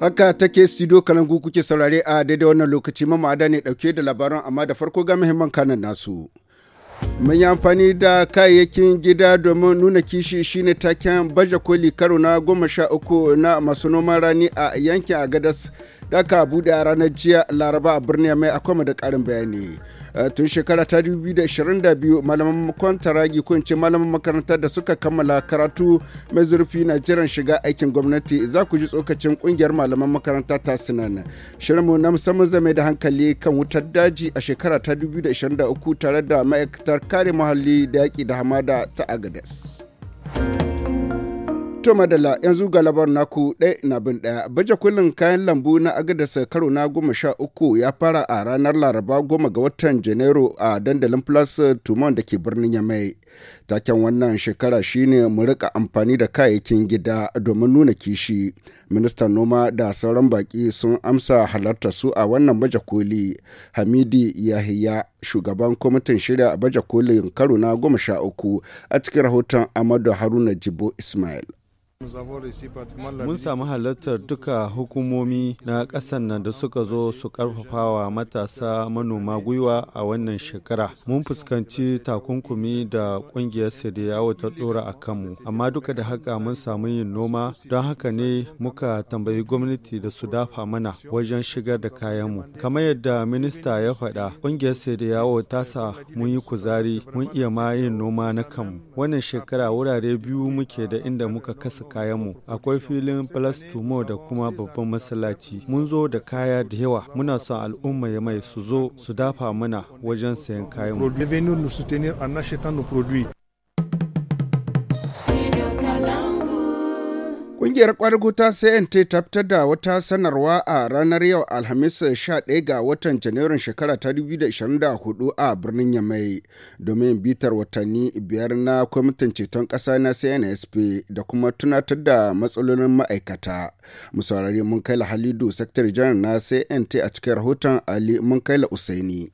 Haka take studio kalangu kuke saurare a daidai wannan lokaci mamada ne dauke da labaran amma da farko ga muhimman kanan nasu. Mun yi amfani da kayayyakin gida domin nuna kishi shine taken baje koli karo na goma sha uku na masu noman rani a yankin Agadas da aka bude ranar jiya laraba a birnin mai akwai da karin bayani eh, tun shekara ta 2022 malaman kwantaragi ko ce malaman makaranta da suka kammala karatu mai zurfi na jiran shiga aikin gwamnati za ku ji tsokacin kungiyar malaman makaranta ta sinan shirinmu na musamman zame da hankali kan wutar daji a shekara ta 2023 tare da ma'aikatar kare muhalli da yaƙi da hamada ta agades To madalla yanzu galabar labar naku ɗaya na bin ɗaya. Baje kullin kayan lambu na agadarsa karo na goma sha uku ya fara a ranar Laraba goma ga watan Janairu a dandalin Plus Tumon da ke birnin Yamai. Taken wannan shekara shine mu rika amfani da kayayyakin gida domin nuna kishi. Ministan noma da sauran baki sun amsa halarta su a wannan baje koli. Hamidi Yahiya shugaban kwamitin shirya a baje kolin karo na goma sha uku a cikin rahoton Amadu Haruna Jibo Ismail. Mun samu halartar duka hukumomi na ƙasar nan da suka zo su ƙarfafawa matasa manoma gwiwa a wannan shekara. Mun fuskanci takunkumi da ƙungiyar Siriyawa ta ɗora a kanmu, amma duka da haka mun samu yin noma don haka ne muka tambayi gwamnati da su dafa mana wajen shigar da kayanmu. Kamar yadda minista ya faɗa, ƙungiyar Siriyawa ta sa mun yi kuzari mun iya ma yin noma na kanmu. Wannan shekara wurare biyu muke da inda muka kasa kayanmu akwai filin plastumo da kuma babban masallaci mun zo da kaya da yawa muna son al'umma ya mai su zo su dafa mana wajen sayan kayanmu Ƙungiyar kwargo ta CNT ta fitar da wata sanarwa a ranar yau Alhamis 11 ga watan Janairun shekara ta 2024 a birnin Yamai domin bitar watanni biyar na kwamitin ceton ƙasa na CNSP da kuma tunatar da matsalolin ma'aikata. Musaurari mun kai Halidu Sektar Janar na CNT a cikin rahoton Ali mun kai Usaini.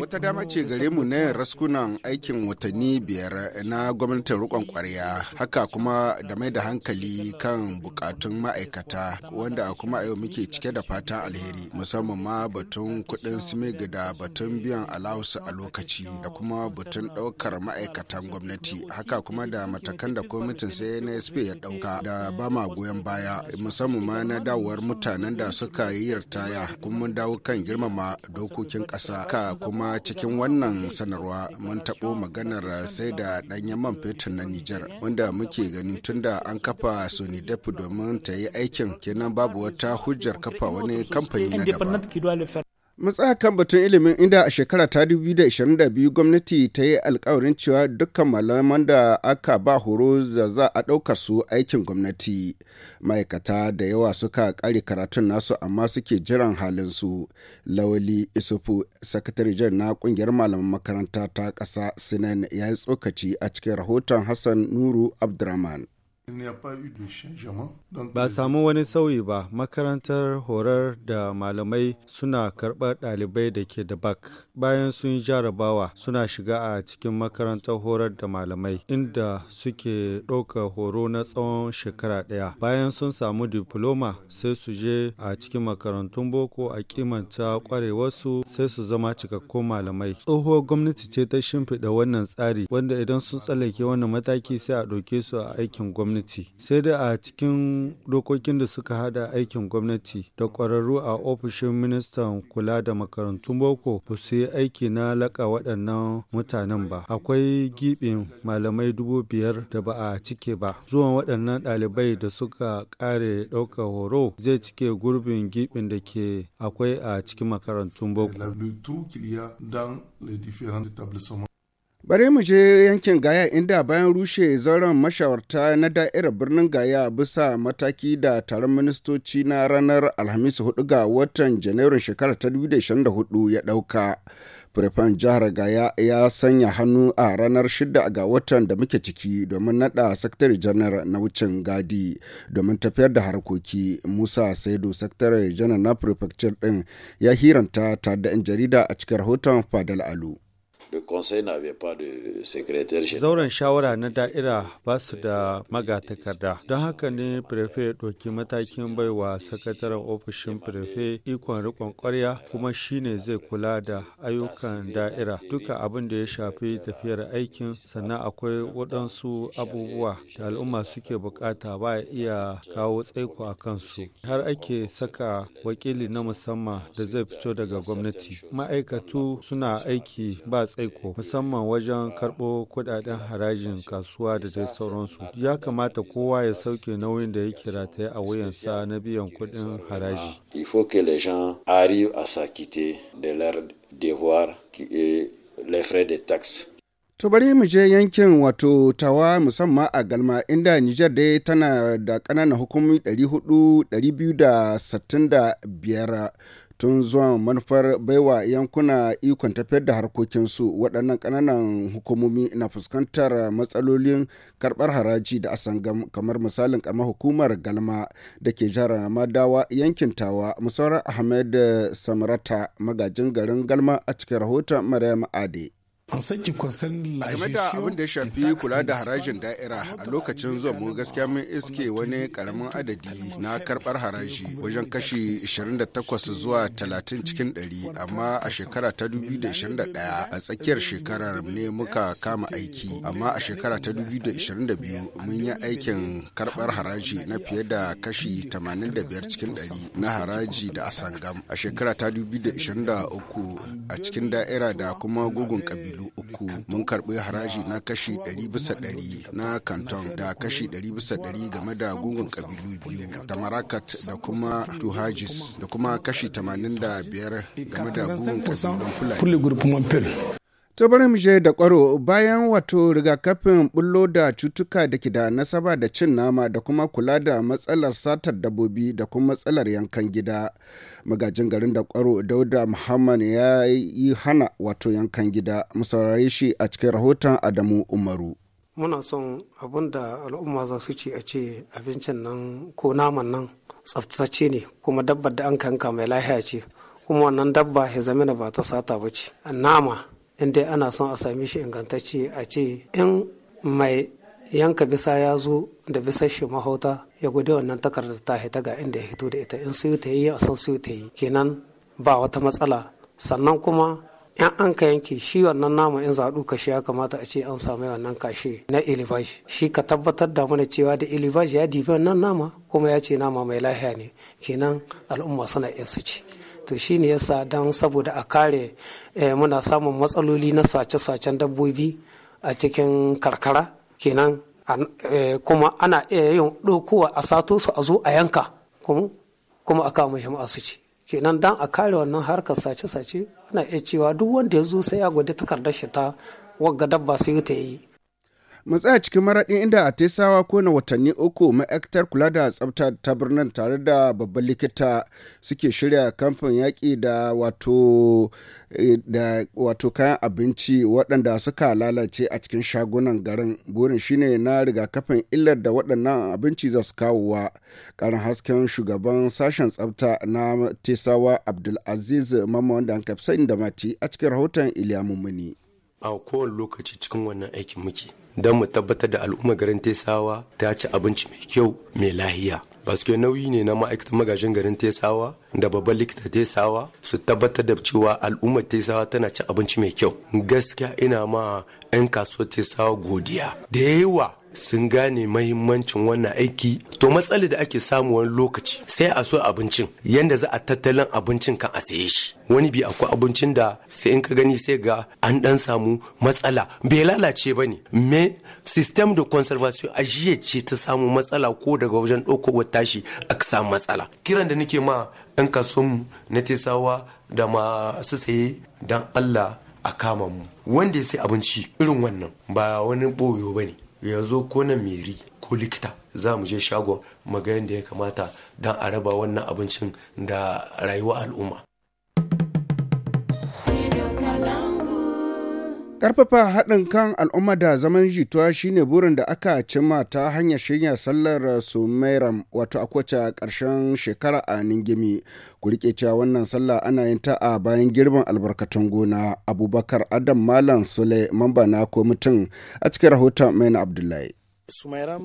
Wata dama ce gare mu na yin raskunan aikin watanni biyar na gwamnatin rikon kwarya haka kuma da mai da hankali kan bukatun ma'aikata wanda kuma a yau muke cike da fatan alheri musamman ma batun kudin simig da batun biyan alawus a lokaci da kuma batun daukar ma'aikatan gwamnati haka kuma da matakan da kwamitin sai na sp ya dauka da ba ma goyon baya musamman ma na dawowar mutanen da suka yi ritaya kuma dawo kan girmama dokokin ƙasa. haka kuma cikin wannan sanarwa mun taɓo maganar sai da ɗanyen man fetur na Nijar wanda muke ganin tunda an kafa Sonidep domin ta yi aikin kenan babu wata hujjar kafa wani kamfani na daban. matsa kan batun ilimin inda a shekara ta 2022 gwamnati ta yi alkawarin cewa dukkan malaman da aka ba horo da za a ɗaukar su aikin gwamnati ma'aikata da yawa suka kare karatun nasu amma suke jiran halin su, lawali isufu sakatare jan na ƙungiyar malaman makaranta ta ƙasa sinan ya yi tsokaci a cikin rahoton hassan nuru abdurrahman Ba samu wani sauyi ba, makarantar horar da malamai suna karɓar ɗalibai da ke da bak. Bayan sun jarabawa suna shiga a cikin makarantar horar da malamai, inda suke ɗauka horo na tsawon shekara ɗaya. Bayan sun samu diploma sai su je a cikin makarantun boko a kimanta ƙwarewarsu sai su zama cikakkun malamai. Tsohuwar gwamnati ce ta shimfiɗa wannan tsari, wanda idan sun tsallake wannan mataki sai a ɗauke su a aikin gwamnati. gwamnati sai dai a cikin dokokin da suka hada aikin gwamnati da kwararru a ofishin ministan kula da makarantun boko ba su yi aiki na laka waɗannan mutanen ba akwai gibin malamai dubu biyar da ba a cike ba zuwan waɗannan ɗalibai da suka ƙare ɗaukar horo zai cike gurbin gibin da ke akwai a cikin makarantun boko Bare mu je yankin Gaya inda bayan rushe zauren mashawarta na da'irar birnin Gaya bisa mataki da taron ministoci na ranar Alhamis 4 ga watan Janairun shekarar ta 2024 ya dauka. Firifan jihar Gaya ya sanya hannu a ranar 6 ga watan da muke ciki domin nada Sakatare janar na wucin gadi domin tafiyar da harkoki. Musa Saido Sakatare janar na Prefecture ɗin ya hiranta tare da 'yan jarida a cikin rahoton Fadal Alu. Zauren shawara na da'ira ba su da magatakarda. Don haka ne prefe ɗauki matakin baiwa sakataren ofishin prefe ikon rikon ƙwarya kuma shine zai kula da ayyukan da'ira duka abin da ya shafi tafiyar aikin sannan akwai waɗansu abubuwa da al'umma suke bukata ba iya kawo tsaiko a kansu har ake saka wakili na musamman da zai fito daga gwamnati ma'aikatu suna aiki ba tsaiko tsaiko musamman wajen karɓo kuɗaɗen harajin kasuwa da dai sauransu ya kamata kowa ya sauke nauyin da ya ta a wuyansa na biyan kuɗin haraji les frais de To bari mu je yankin wato tawa musamman a galma inda Nijar dai tana da ƙananan hukumomi 400 265 tun zuwan manufar baiwa yankuna ikon tafiyar da harkokinsu waɗannan ƙananan hukumomi na fuskantar matsalolin karɓar haraji da asangam kamar misalin ƙaramar hukumar galma da ke jihar madawa yankin tawa musawar ahmed samarata magajin garin galma a cikin rahoton maryam ade game da abin da ya shafi kula da harajin da'ira a lokacin zuwa mu gaskiya mun iske wani karamin adadi na karbar haraji wajen kashi 28 zuwa 30 cikin 100 amma a shekara ta 2021 a tsakiyar shekarar ne muka kama aiki amma a shekara ta 2022 mun yi aikin karbar haraji na fiye da kashi 85 cikin 100 na haraji da asangam a shekara ta 2023 a cikin da'ira da kuma gugun kabilu uku mun karɓi haraji na kashi ɗari bisa ɗari na kanton da kashi ɗari bisa ɗari game da gungun ƙabilu biyu da marakat da kuma tuhajis da kuma kashi tamanin da biyar game da gungun ƙabilun fulani bari mu je da kwaro bayan wato rigakafin bullo da cutuka da ke da nasaba da cin nama da kuma kula da matsalar satar dabobi da kuma matsalar yankan gida magajin garin da kwaro dauda muhammad ya yi hana wato yankan gida mu shi a cikin rahoton adamu umaru muna son abin da al'umma za su ci a ce abincin nan ko naman nan tsaftace ne kuma dabbar da an kanka mai lahiya ce kuma wannan dabba ya zama ba ta sata ba ce nama in dai ana son a sami shi ingantacce a ce in mai yanka bisa ya zo da bisa shi mahauta ya gudu wannan takardar ta hita ga inda ya hito da ita in suyu ta yi a san suyu ta yi kenan ba wata matsala sannan kuma yan an ka yanke shi wannan nama in zaɗu kashi ya kamata a ce an samu wannan kashi na ilibash shi ka tabbatar da mana cewa da ilibash ya dibi wannan nama kuma ya ce nama mai lahiya ne kenan al'umma suna iya su ci to shine yasa don saboda a kare eh, muna samun matsaloli na sace-sacen dabbobi a cikin karkara kenan eh, kuma ana iya yin ɗaukowa a sato su a zo a yanka kuma a kama jama'a su ci kenan dan a kare wannan harkar sace-sace ana iya cewa duk wanda ya zo sai ya gwada takardar shi ta wagga dabba sai ta yi matsaya cikin maraɗin inda a tesawa ko na watanni uku ma'aikatar kula da tsafta ta birnin tare da babban likita suke shirya kamfan yaƙi eh, da wato kayan abinci waɗanda suka lalace a cikin shagunan garin burin shine na rigakafin illar da waɗannan abinci za su kawo wa ƙarin hasken shugaban sashen tsafta na tesawa abdulaziz mamman wanda an da mati a cikin rahoton iliya mummuni a kowane lokaci cikin wannan aikin muke don mu tabbatar da al'ummar garin tesawa ta ci abinci mai kyau mai lahiya baske nauyi ne na ma'aikatan magajin garin tesawa da babban likita tesawa su tabbatar da cewa al'ummar tesawa tana ci abinci mai kyau gaskiya ina ma 'yan kasuwar tesawa godiya da yawa sun gane mahimmancin wannan aiki to matsalar da ake samu wani lokaci sai a so abincin yanda za a tattalin abincin kan a saye shi wani bi akwai abincin da sai in ka gani sai ga an dan samu matsala bai lalace ba ne me system da conservation ajiye ce ta samu matsala ko daga wajen ɗauko wa tashi ka samu matsala kiran da nake ma 'yan mu na tesawa da masu saye don allah a kama mu wanda ya sai abinci irin wannan ba wani boyo ba ne ya zo ko na meri ko likita za mu je shagon magayin da ya kamata don a raba wannan abincin da rayuwa al'umma Ƙarfafa haɗin kan al'umma da zaman jituwa shine burin da aka cimma ta hanyar shirya sallar Sumairam wato a kowace ƙarshen shekara a Ningimi. Ku riƙe cewa wannan sallah ana yin ta a bayan girbin albarkatun gona Abubakar Adam Malam Sule mamba na komitin a cikin rahoton Maina Abdullahi. Sumaira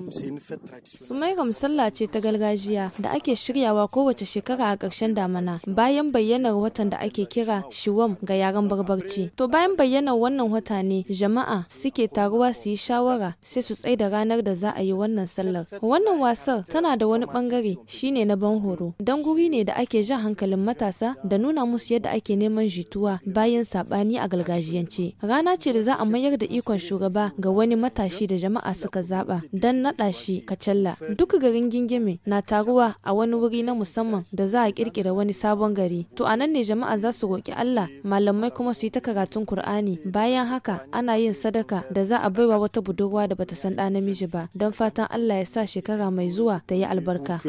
Sumairam sallah ce ta gargajiya da ake shiryawa kowace shekara a ƙarshen damana bayan bayyanar watan da ake kira Shiwam ga yaren barbarci. To bayan bayyanar wannan wata ne jama'a suke taruwa su yi shawara sai su tsai da ranar da za a yi wannan sallar. Wannan wasar tana da wani bangare shine na ban horo. Dan guri ne da ake jan hankalin matasa da nuna musu yadda ake neman jituwa bayan sabani a gargajiyance. Rana ce da za a mayar da ikon shugaba ga wani matashi da jama'a suka zaba. ba don naɗa shi kacalla. Duk garin gingime na taruwa a wani wuri na musamman da za a ƙirƙira wani sabon gari. To a nan ne jama'a za su roƙi Allah, malamai kuma su yi ta karatun Kur'ani. Bayan haka ana yin sadaka da za a baiwa wata budurwa da bata san ɗa namiji ba don fatan Allah ya sa shekara mai zuwa ta yi albarka.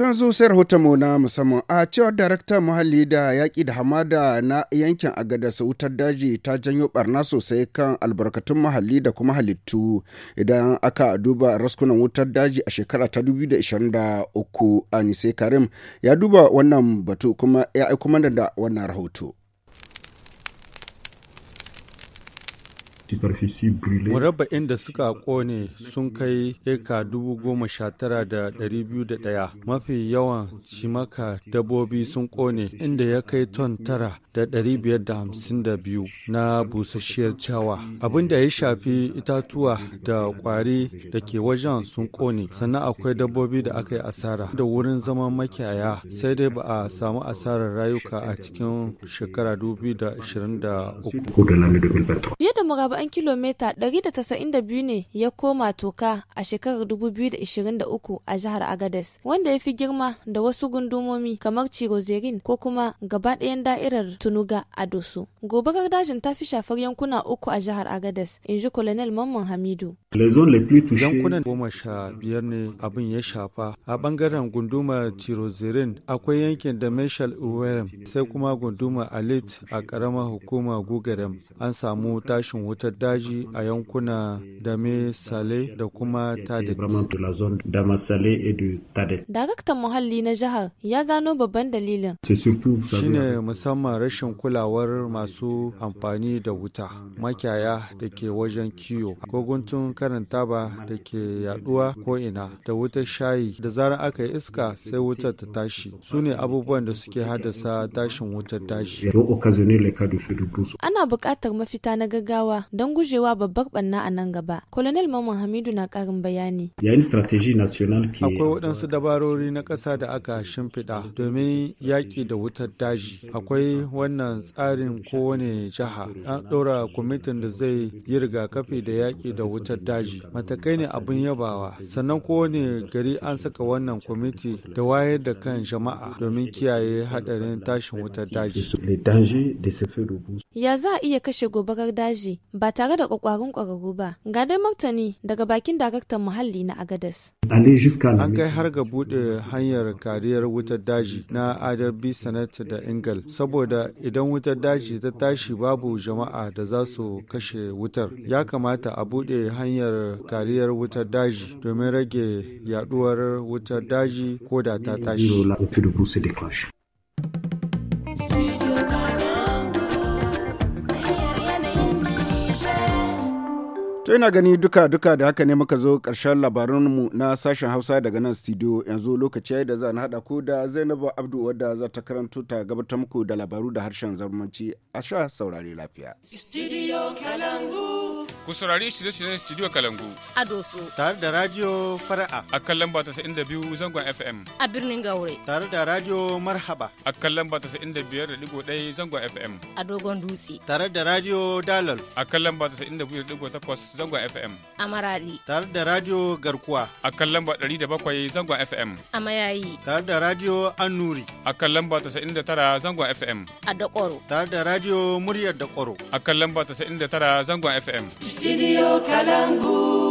Tun zo rahoton na musamman a cewar daraktan muhalli da yaƙi da hamada na yankin su wutar daji ta janyo barna sosai kan albarkatun muhalli da kuma halittu idan aka duba raskunan wutar daji a shekara ta 2023 nise karim ya duba wannan batu kuma ya aiko da wannan rahoto. Murabba'in da suka kone sun kai eka dubu goma sha tara da ɗari biyu da ɗaya. Mafi yawan cimaka dabbobi sun kone inda ya kai ton tara da ɗari biyar da hamsin da biyu na busasshiyar ciyawa. Abin da ya shafi itatuwa da ƙwari da ke wajen sun kone. Sannan akwai dabbobi da aka yi asara da wurin zama makiyaya sai dai ba a samu asarar rayuka a cikin shekara 2023. Fiye da tsawon kilomita 192 ne ya koma toka a shekarar 2023 a jihar Agades, wanda ya fi girma da wasu gundumomi kamar Cirozerin ko kuma gaba ɗayan da'irar Tunuga a Doso. Gobarar dajin ta fi shafar yankuna uku a jihar Agades, in ji Colonel Mamman Hamidu. Yankunan goma sha biyar ne abin ya shafa. A bangaren gunduma Cirozerin akwai yankin da Meshal Uwerem sai kuma gunduma Alit a ƙaramar hukuma Gugarem an samu tashin wutar daji a yankuna Dame Sale da kuma Tadet. Daraktan muhalli na jihar ya gano babban dalilin. Shine musamman rashin kulawar masu amfani da wuta, makiyaya da ke wajen kiyo, guntun karin taba da ke yaduwa ko'ina da wutar shayi da zarar aka yi iska sai wutar ta tashi. Su ne abubuwan da suke haddasa tashin wutar daji. Ana bukatar mafita na gaggawa don gujewa babbar banna a nan gaba. Colonel Mamman Hamidu na karin bayani. Akwai waɗansu dabarori na ƙasa da aka shimfiɗa domin yaƙi da wutar daji. Akwai wannan tsarin kowane jiha. An ɗora kwamitin da zai yi rigakafi da yaƙi da wutar daji. Matakai ne abin yabawa. Sannan kowane gari an saka wannan kwamiti da wayar da kan jama'a domin kiyaye haɗarin tashin wutar daji. Ya za a iya kashe gobarar daji ba ba tare da kwakwarin kwararru ba. Ga dai martani daga bakin daraktan muhalli na Agadas. An kai har ga buɗe hanyar kariyar wutar daji na Adarbi Sanat da Ingal saboda idan wutar daji ta tashi babu jama'a da za su kashe wutar. Ya kamata a bude hanyar kariyar wutar daji domin rage yaduwar wutar daji ko da ta tashi. To ina gani duka-duka da haka ne muka zo ƙarshen mu na sashen Hausa daga nan studio yanzu lokaci da za na haɗa ku da Zainabu Abdu wadda za ta karanto ta gabatar muku da labaru da harshen zamanci a sha saurari lafiya. Studio Kalangu. Ku saurari shirye-shiryen Studio Kalangu. A Doso. Tare da Radio Fara'a. A kan lamba biyu zangon FM. A birnin Gaure. Tare da Radio Marhaba. A kan lamba biyar da ɗaya zangon FM. A Dogon Dutse. Tare da Radio Dalal. A kan lamba takwas zangon FM. A Maradi. Tare da Radio Garkuwa. A kan lamba bakwai zangon FM. A Mayayi. Tare da Radio Annuri. a kan lamba 99 zangon FM. A Dakoro. Tare da Radio Muryar Dakoro. A kan lamba 99 zangon FM. Studio Kalangu.